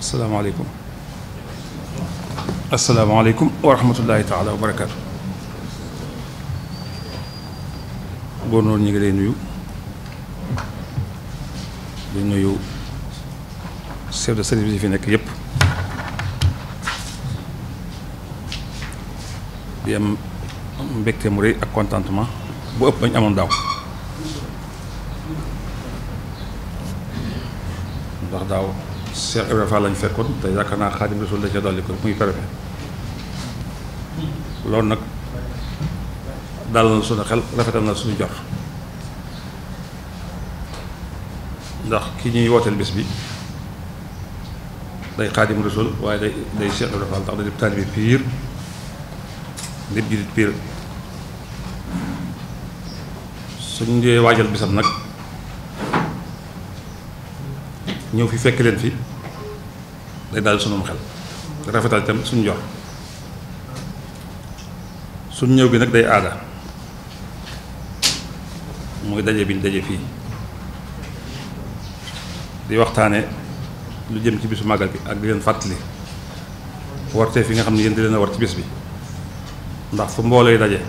Assalamu alaykum. Assalamu alaykum. wa rahmatullahi taala wa barakatuh. góor noonu ñu ngi lay nuyu di nuyu chef de service yi fi nekk yépp di am mbégte mu rëy ak contentement bu ëpp bañ amoon daaw ndax daaw الشيخ ابن فعلا فيكون اذا كان خادم رسول الله جدول لكم مي بربي لون نك دال رسول سونو خيل رافتال نون سونو جور داخ كي ني ووتال بس بي داي خادم رسول واي داي داي شيخ ابن فعلا داي طالب بير نيب جيت بير سونو دي واجال بسام نك ñëw fi fekk leen fi day daal sunu xel rafetal tam suñu jox suñu ñëw bi nag day aada mooy daje bi daje fii di waxtaane lu jëm ci bisu màggal bi ak di leen fàttali warte fi nga xam ne yéen di leen a war ci bis bi ndax fu mboolooy daje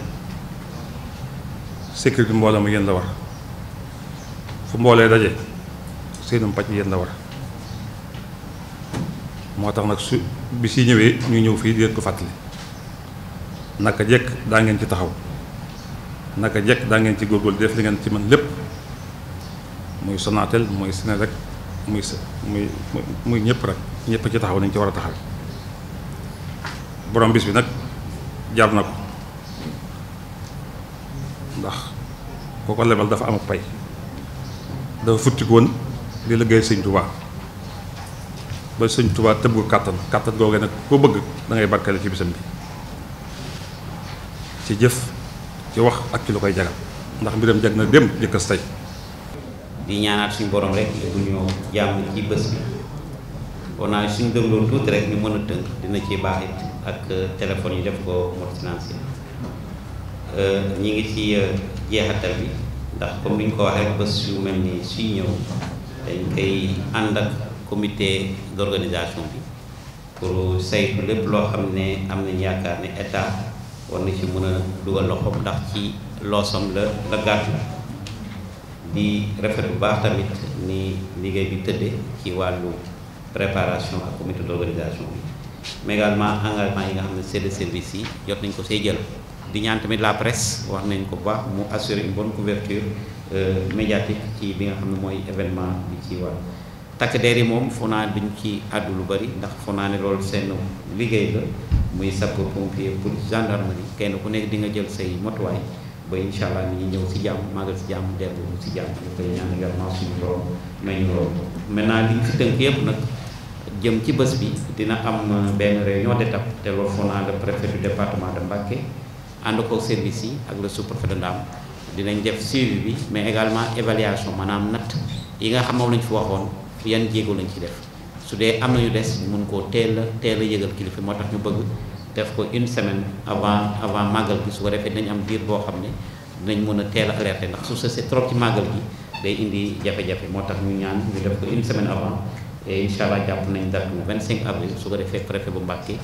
sécurité mbooloo mu yéen la war fu mboolee daje seenum paj yéen la war moo tax nag su bi si ñëwee ñu ñëw fii di leen ko fàttali naka jekk daa ngeen ci taxaw naka jekk daa ngeen ci góorgóorlu def li ngeen ci man lépp muy Sonatel muy Senelec muy muy muy ñëpp rek ñëpp ci taxaw nañ ci war a taxaw borom bis bi nag jar na ko ndax koo ko lebal dafa am ak pay dafa futti di liggéey seigne touba ba sëñ tubaa tëbb katan katan goge nak ko bëgg da ngay barkale ci bisam bi ci jëf ci wax ak ci lu koy jagal ndax mbiram jag na dem jëkkës stay di ñaanat suñu borom rek bu ñu jamm ci bëss bi kon naa suñu dégloon tout rek ñu mëna teunk dina ci baax it ak euh, téléphone yi def ko mode financier euh, ñi ngi ci euh, jeexatal bi ndax comme niñ ko waxe bëss yu melni suñu suy ñëw dañ koy ànd ak comité d'organisation bi pour saytu lépp loo xam ne am nañu yaakaar ne état war na ci mën a dugal loxoom ndax ci loosam la la gàttu di rafet bu baax tamit ni liggéey bi tëddee ci wàllu préparation ak comité d'organisation bi mais également engagement yi nga xam ne c'est de service yi jot nañ ko see jël di ñaan tamit la presse wax nañ ko bu baax mu assurer une bonne couverture Euh, médiatique ci bi nga xam ne mooy événement bi ci war takk der yi moom foo naa duñ ci àddu lu bari ndax foo naa ne loolu seen liggéey la muy sapeur pompier pour gendarmerie kenn ku nekk di nga jël say motuwaay ba incha allah ñu ñëw si jàmm màggal si jàmm dellu si jàmm ñu koy ñaan également suñu borom nañu loolu maintenant li ñu fi tënk yëpp nag jëm ci bés bi dina am benn réunion d'étape te loolu foo naa le préfet du département de Mbacké ànd ko service yi ak le sous de Ndam dinañ def suivi bi mais également évaluation manam nat yi nga xam moom lañ fi waxoon yan jéego lañ ci def su dé am nañu dess ñu mun koo téel a teel a yëgal kilifa moo ñu bëgg def ko une semaine avant avant magal bi su rafet defee am diir bo xamné dinañ mëna téel teel a ndax su c'est trop ci magal bi day indi jafé jafé motax ñu ñaan ñu def ko une semaine avant et inshallah japp nañ date 25 avril su rafet defee préfet bu mbacké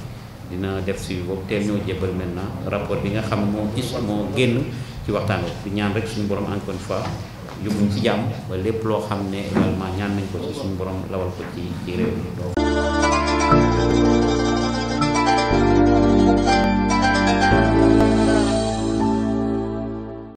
dina def suivi bo téel ñoo jébbal maintenant rapport bi nga xam mo gis mo génn ci waxtaan bi ñaan rek suñu borom encore une fois yóbbuñ ci jàmm ba lépp loo xam ne également ñaan nañ ko ci suñu borom lawal ko ci ci réew mi